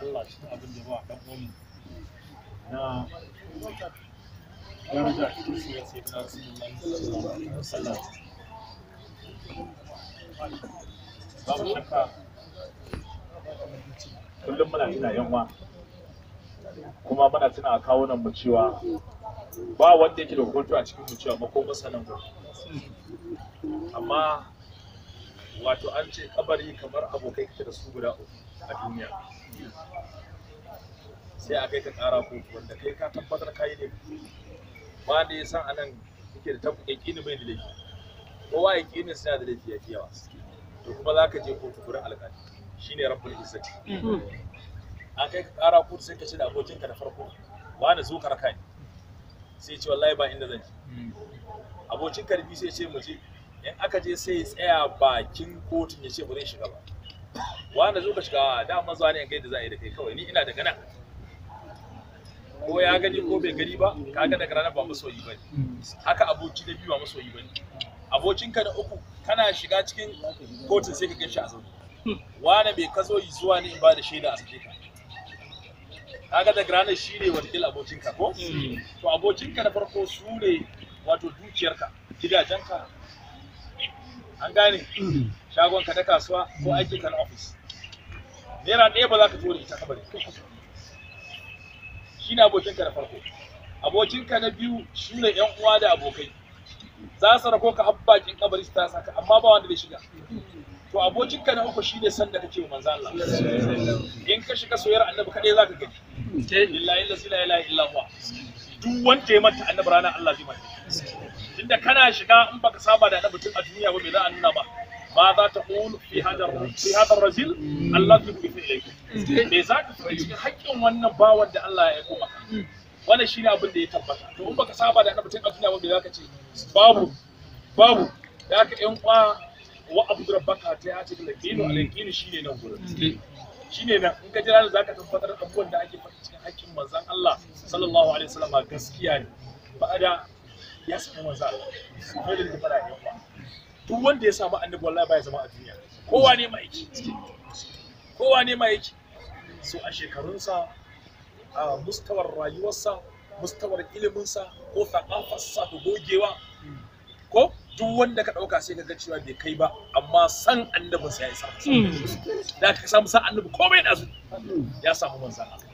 zan dora cikin abin da ba dan uwan na shi cikin siyar sai na sunan sallah babu shakka kullum muna tuna yamma kuma muna tuna a kawunan mu cewa ba wanda yake da hukuntu a cikin mu cewa makomarsa nan gobe amma wato an ce kabari kamar abokai kake da su guda uku a duniya sai a kai ka tsara kotu wanda kai ka tabbatar ka yi ne ba da ya san anan kike da tabbatar kini mai da laifi kowa ya kini suna da laifi ya fi to kuma za ka je kotu gurin alƙali shine rabbul izzati a kai ka tsara kotu sai ka ce da abokinka da farko ba na zukar ka raka ni sai ce wallahi ba inda zan je abokin karfi sai ce mu je in aka je sai ya tsaya bakin kotun ya ce ba zai shiga ba wanda zo ka shiga ah, dama zuwa ne ga da za a yi da kai kawai ni ina daga nan ko ya gani ko bai gani ba ka ga daga ranar ba masoyi ba haka aboki na biyu ba masoyi ba abokinka na uku kana shiga cikin kotun sai ka gan shi a zaune wane mai ka zo yi zuwa ne in ba da shaida a sake ka Ka ga daga ranar shi ne watakil abokinka ko hmm. to abokinka na farko su ne wato dukiyarka gidajenka an gane shagon ka na kasuwa ko aiki ka na ofis naira ɗaya ba za ka tura ita kabari shi ne abokinka na farko abokinka na biyu shi ne yan uwa da abokai za su rako ka har bakin kabari su ta saka amma ba wanda bai shiga to abokinka na uku shine san da kake wa manzo Allah in ka shiga soyayyar annabi kadai zaka gani lillahi la ilaha illa huwa duk wanda ya manta annabi ranar Allah zai manta tunda kana shiga in baka saba da annabi a duniya ba bai za a nuna ba ma za ta qul fi hadar fi hadar rajul Allah ya buƙi ilayka me za ka fara cikin haƙƙin wannan bawan da Allah ya aiko maka wannan shine abin da ya tabbata to in baka saba da annabi tun a duniya ba bai za ka ce babu babu da aka yan kwa wa abu rabbaka ta ya ce da kinu alaikinu shine nan gurin shine nan in ka jira za ka tabbatar abubuwan da ake faɗi cikin haƙƙin manzon Allah sallallahu alaihi wasallam gaskiya ne ba da ya samu manzo Allah dole ne fara yan uwa duk wanda ya samu annabi wallahi baya zama a duniya kowa ne mai yake kowa ne mai yake so a shekarunsa a mustawar rayuwarsa mustawar iliminsa ko thakafarsa ta gogewa ko duk wanda ka ɗauka sai ka ga cewa bai kai ba amma san annabin sa ya isa hmm. da ka samu san annabi komai da su hmm. ya samu manzan Allah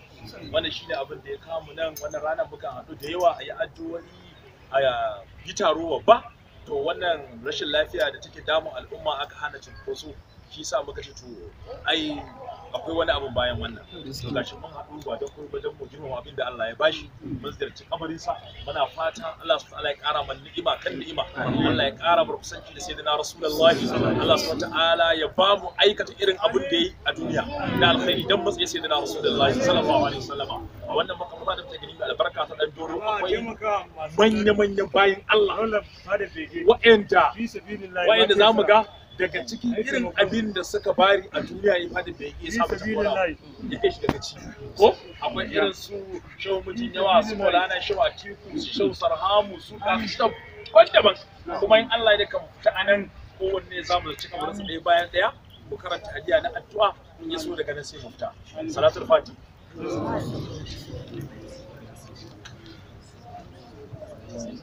wannan shine abin da ya kamu nan wannan ranar muka haɗu da yawa a yi addu'o'i yi taro babba to wannan rashin lafiya da take damun al'umma aka hana cinkoso shi sa muka ce to ai akwai wani abu bayan wannan to gashi mun haɗu ba don kuma don mu girmama abin da Allah ya bashi mun ziyarci kabarin sa muna fata Allah subhanahu wa ta'ala ya ƙara mana ni'ima kan ni'ima Allah ya ƙara bar kusanci da sayyidina Rasulullah Allah subhanahu wa ta'ala ya ba mu aikata irin abin da yi a duniya na alkhairi dan matsayin sayyidina Rasulullah sallallahu alaihi wasallam a wannan makamata da take da albarka ta dan doro akwai manya-manyan bayin Allah wa'anda wa'anda zamu ga daga cikin irin abin da suka bari a duniya ya fadi bai iya samun takwara ya kai shi daga ciki ko akwai irin su shau mijin yawa su maulana shau atiku su shau sarhamu su kasu shau kuma in allah ya kan fita anan kowanne za mu cika wani ɗaya bayan ɗaya ko karanta hadiya na addu'a in ya so daga nan sai mu fita salatul fati Thank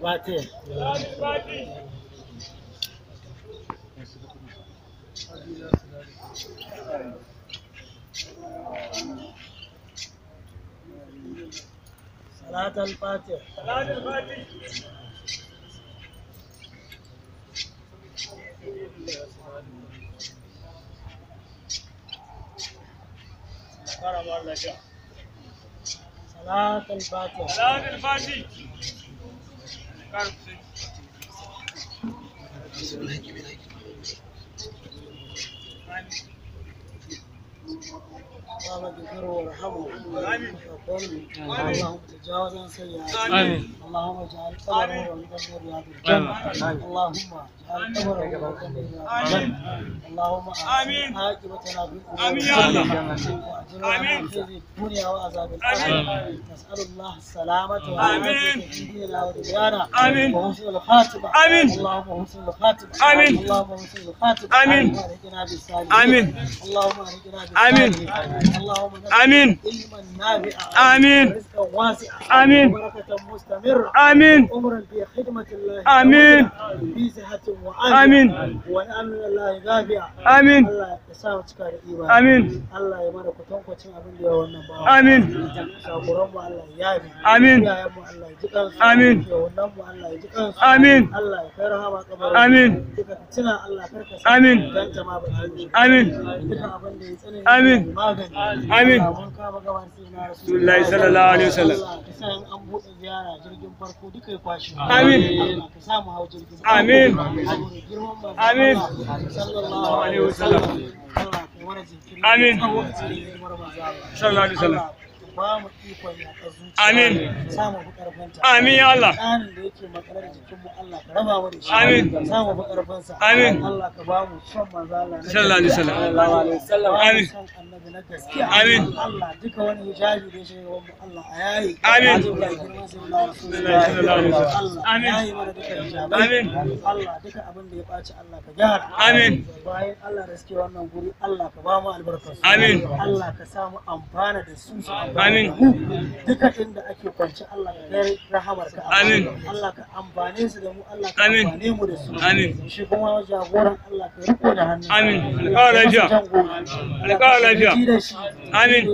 صلاة صلاة الفاتح صلاة الفاتح صلاة الفاتح Claro you اللهم اغفره وارحمه اللهم تجاوز عن سيئاته اللهم اجعل قبره ومقدر رياض الجنة اللهم اجعل قبره ومقدر رياض الجنة اللهم امين عاقبتنا في امين يا الله امين في الدنيا وعذاب الاخرة نسأل الله السلامة والعافية في ديننا ودنيانا امين وحسن الخاتمة امين اللهم حسن الخاتمة امين اللهم حسن الخاتمة امين اللهم ارزقنا بالسالمين امين اللهم ارزقنا بالسالمين امين آمين آمين آمين آمين عمرا في خدمة الله آمين في صحة وعافية آمين والأمن الله غافية آمين الله يسامح تكار إيمان آمين الله يمنع كتوم كتوم أبن ديا ونبا آمين سابورم الله يابي آمين يا أبو الله يجكان آمين يا ونبا الله يجكان آمين الله يكرها وكبر آمين تنا الله كركس آمين آمين آمين آمين amin sallallahu alaihi wasallam an amin amin amin amin sallallahu alaihi wasallam ba mu ikon yaƙa zuciya amin sa mu fi karfanta amin ya Allah tsarin da yake makarar jikinmu Allah ka raba mu da shi amin sa mu fi karfansa amin Allah ka ba mu son Amin. Allah sallallahu alaihi amin son annabi na gaskiya amin Allah duka wani hijabi da shi wa mu Allah a yayi amin amin amin Allah duka abin da ya ɓaci Allah ka gyara amin bayan Allah da suke wannan guri Allah ka ba mu albarkarsu amin Allah ka samu amfana da su su amfana amin duka inda ake kwanci Allah ka kai rahamarka amin Allah ka amfane su da mu Allah ka amfane mu da su amin shi kuma jagoran Allah ka riko da hannu amin alƙawar lafiya alƙawar lafiya amin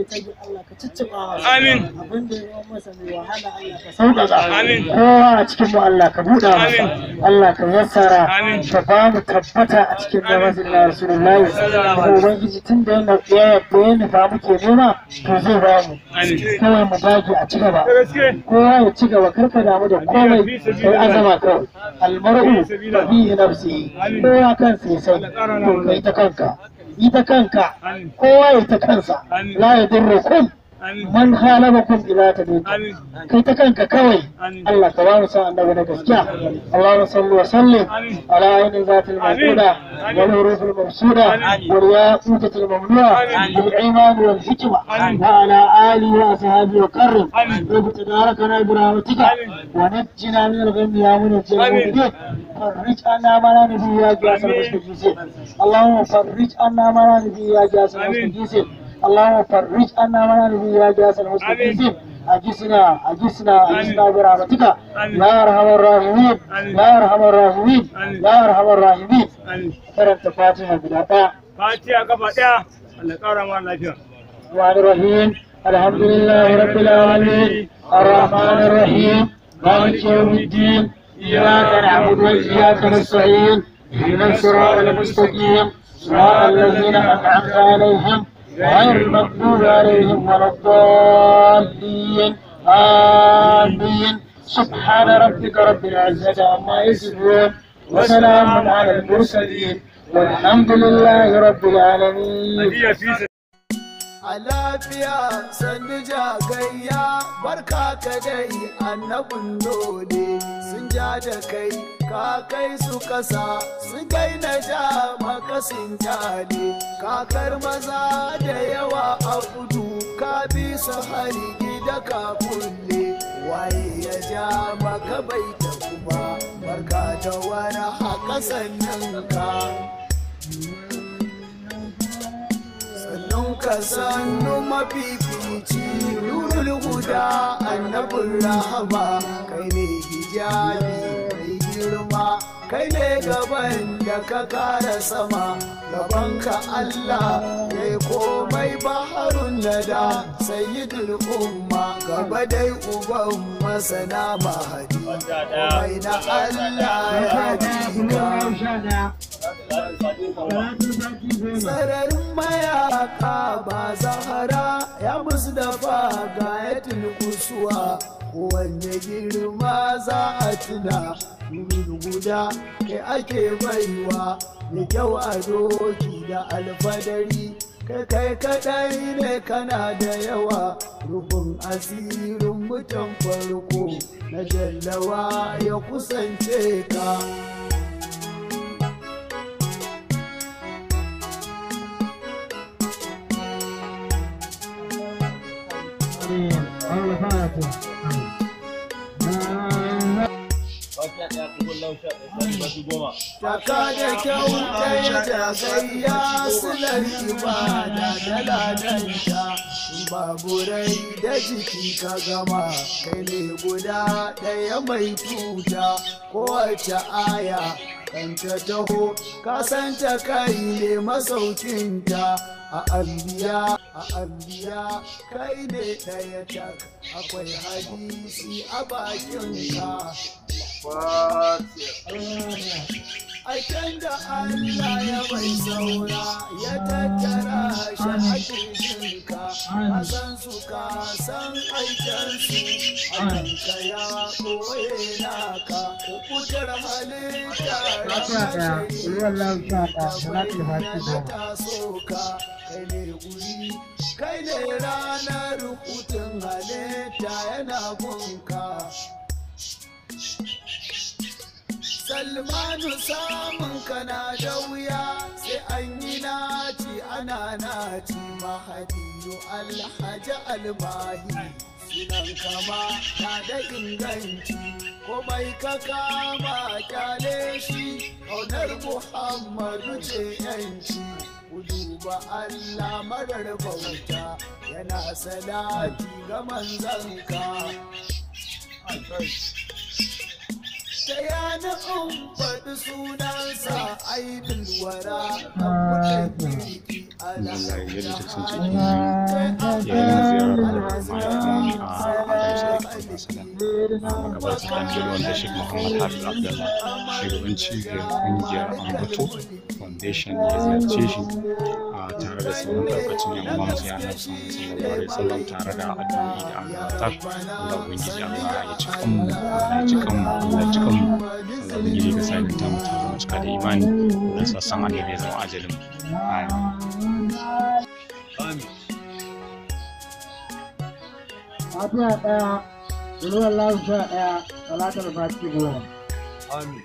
Allah ka amin abin da ya masa mai wahala Allah ka sauƙaƙa amin kowa a cikin mu Allah ka buɗa masa Allah ka yassara ka ba mu tabbata a cikin namazin na Rasulullahi ko ubangiji tun da ya yarda ya nufa muke nema to zai ba mu kana mu dage a ci gaba kowa ya ci gaba karka damu da komai sai azama kawai almar'u bihi nafsi kowa kan ya sani to kai ta kanka yi ta kanka kowa ya ta kansa la yadurrukum man khalafakum ila tadaytum kai ta kanka kawai Allah ka ba mu san annabi na gaskiya Allahumma sallu wa sallim ala ayni zatil mawduda wal hurufil mabsuda wal yaqutil mamnu'a bil iman wal hikma wa ala ali wa ashabi wa karrim rabbi tabarakana bi rahmatika wa najjina min al ghammi ya mun jannati فرج عنا ما لا نبي يا جاسر المستجيسين اللهم فرج عنا ما لا نبي يا جاسر المستجيسين اللهم فرج عنا ما نرجو يا جاس المستقيم أجسنا أجسنا أجسنا برحمتك يا أرحم الراحمين يا أرحم الراحمين يا أرحم الراحمين فرنت فاتحة بداتا فاتحة كفاتحة الله كرم الله الرحمن الرحيم الحمد لله رب العالمين الرحمن الرحيم مالك يوم الدين إياك نعبد وإياك نستعين اهدنا الصراط المستقيم صراط الذين أنعمت عليهم غير المغضوب عليهم ولا الضالين آمين سبحان ربك رب العزة عما يصفون وسلام على المرسلين والحمد لله رب العالمين على فيا سنجا كيا barka ka أنا annabin dole سنجا ja ka kai su kasa su kai na ja makasin jale kakar maza da yawa a kudu ka bi su hari gida ka kulle waye ya ja maka bai ta kuma barka da wani a kasan ka sannan ka sannu mafifici nunul guda annabin rahama kai ne hijabi girma kai ne gaban da ka kara sama gaban ka Allah ya yi komai baharun nada sayyidul umma gaba dai uban masana mahadi komai na Allah ya sararin mayaka ba zahara ya musu dafa ga yatin kusuwa wanne girma za a tuna domin guda kai ake baiwa da kyau a doki da alfadari kai kai kadai ne kana da yawa rufin asirin mutan farko na jallawa ya kusance ka Taka da kyau ɗaya da gayya silar ibada da ta. baburai da jiki ka gama kai ne guda ɗaya mai tuta kowace aya kan ta taho kasanta kai ne masaukinta a anbiya a anbiya kai ne ɗaya tak akwai hadisi a bakin ka. Fatiha. Ah, aikin da Allah ya bai saura ya tattara shi ake ka a san su ka san aikin su akan ka ya koye naka kutar halitta da shari'a ta soka kai ne guri kai ne ranar hutun halitta yana gunka salmanu samun kana da wuya sai an yi naci ana naci mahadiyu alhaji almahi sinan kama na da inganci komai ka kama kyale shi ƙaunar muhammadu ce yanci duba Allah marar bauta yana salati ga manzanka. ta an faɗi sunansa aibin wara a foundation ya ziyarce shi tare da sauran yan sun sallam tare da addu'o'i da ubangiji Allah ya ya ya amin ubangiji ka sa ta mu zama cika da imani da sassan annabi ya zama ajalin amin Afiya ɗaya, ruwan ɗaya, talatar fati goma. Amin.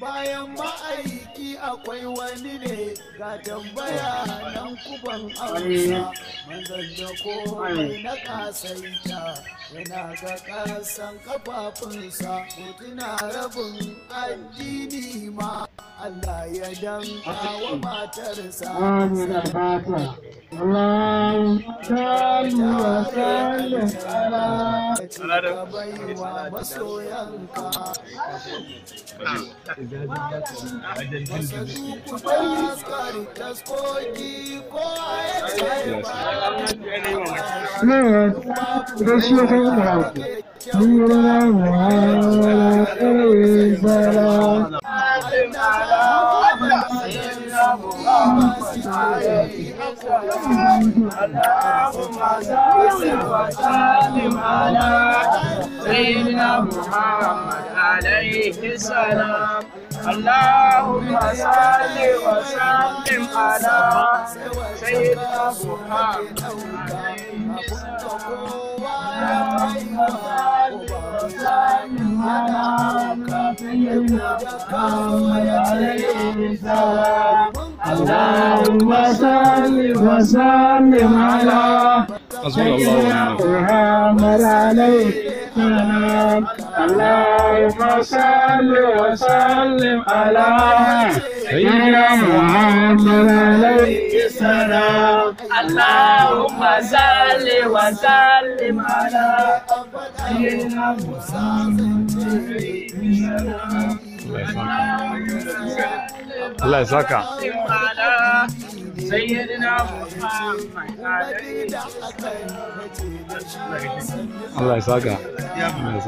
bayan ma'aiki akwai wani ne ga tambaya nan kuban amsa manzan da komai na kasaita yana ga kasan kafafunsa mutuna rabin addini ma Allah ya danka wa matarsa Amina fata Allahumma salli ala ka baiwa masoyanka Masani ku bayyana taskoki ko ya tsaye ba da shi ya kai da hauku Nura wa ala ƙarfi sara اللهم صل وسلم على سيدنا محمد عليه السلام اللهم صل وسلم على سيدنا محمد عليه السلام عليه السلام اللهم صل وسلم على سيدنا محمد عليه السلام اللهم صل وسلم على سيدنا محمد عليه السلام اللهم صل وسلم على سيدنا محمد عليه السلام Allah ya saka Allah ya saka Allah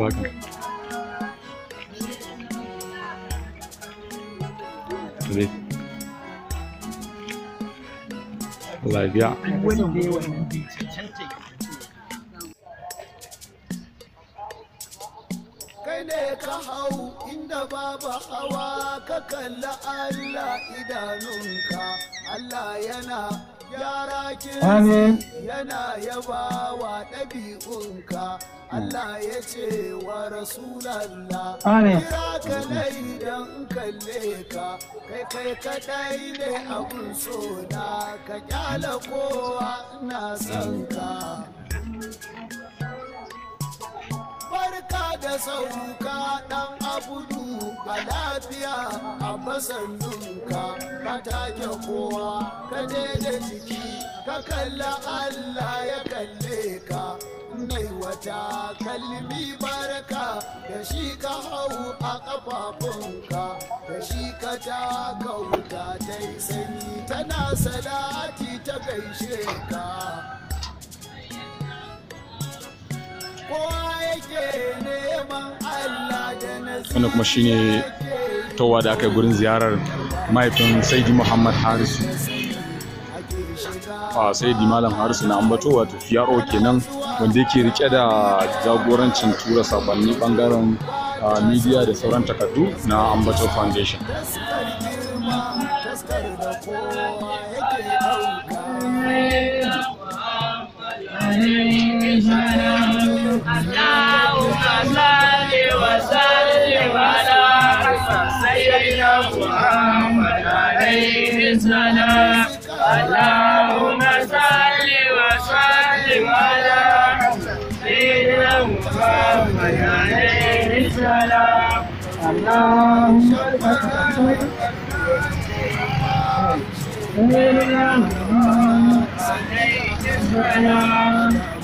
ya kai ka hau inda babu hawa ka kalla Allah idanunka Allah yana yara kin yana yabawa ɗabi'unka Allah ya ce wa Rasulallah kira ka nai don kalle ka kai kai dai ne abun so ka kyala kowa na son ka da sauka dan abudu a lafiya a masandunka ka take kowa ka daina jiki ka kalla Allah ya kalle ka mai wata kalmi baraka da shi ka hau a ƙafafunka da shi ka ta kauta ta yi sanyi tana salati ta gaishe ka wanda kuma shine towa da aka yi gurin ziyarar mahaifin saidi muhammad harisu a saidi malam harisu na ambato wato fiyaro kenan wanda yake rike da jagorancin tura sakonni bangaren media da sauran takardu na ambato foundation Allahumma salli wa sallim ala Sayyidina Muhammad alayhi salam Allahumma salli wa sallim ala Sayyidina Muhammad alayhi salam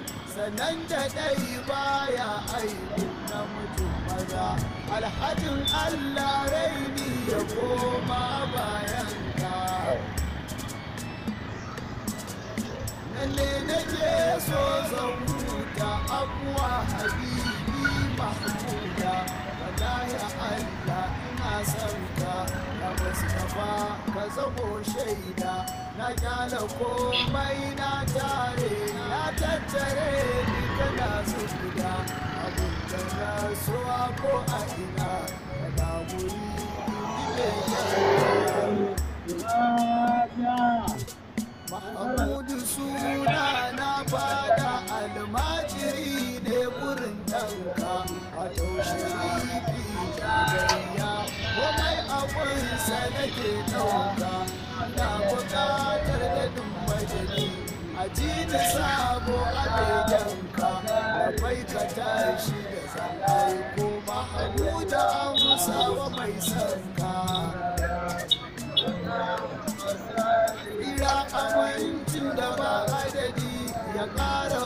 sanan da ɗai baya aiki na mutum maza alhajin allah raini ya koma bayan ka lalle nake so zan huta abuwa habibi mahmuda wallahi allah ina son sako shaida na kyala komai na tare na tattare ni na su guda abin da na so ko a ina da guri Mahmudu suna na bada almajiri ne burin danka a taushe nake ɗauka na buƙatar da dumbajini a sabo a baidanka a baika da zalai kuma abuja an mai sanka ira abincin da ba ya ƙara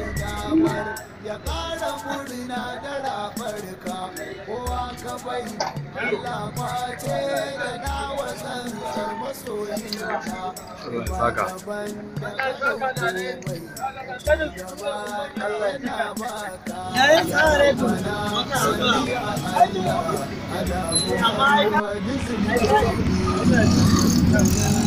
ya damar ya ƙara murna da rafarka kowa ka bai Allah ma ce da na wasan sar masoyinka ba ka ban da ka komai Allah na baka yayin tsare tu ana mu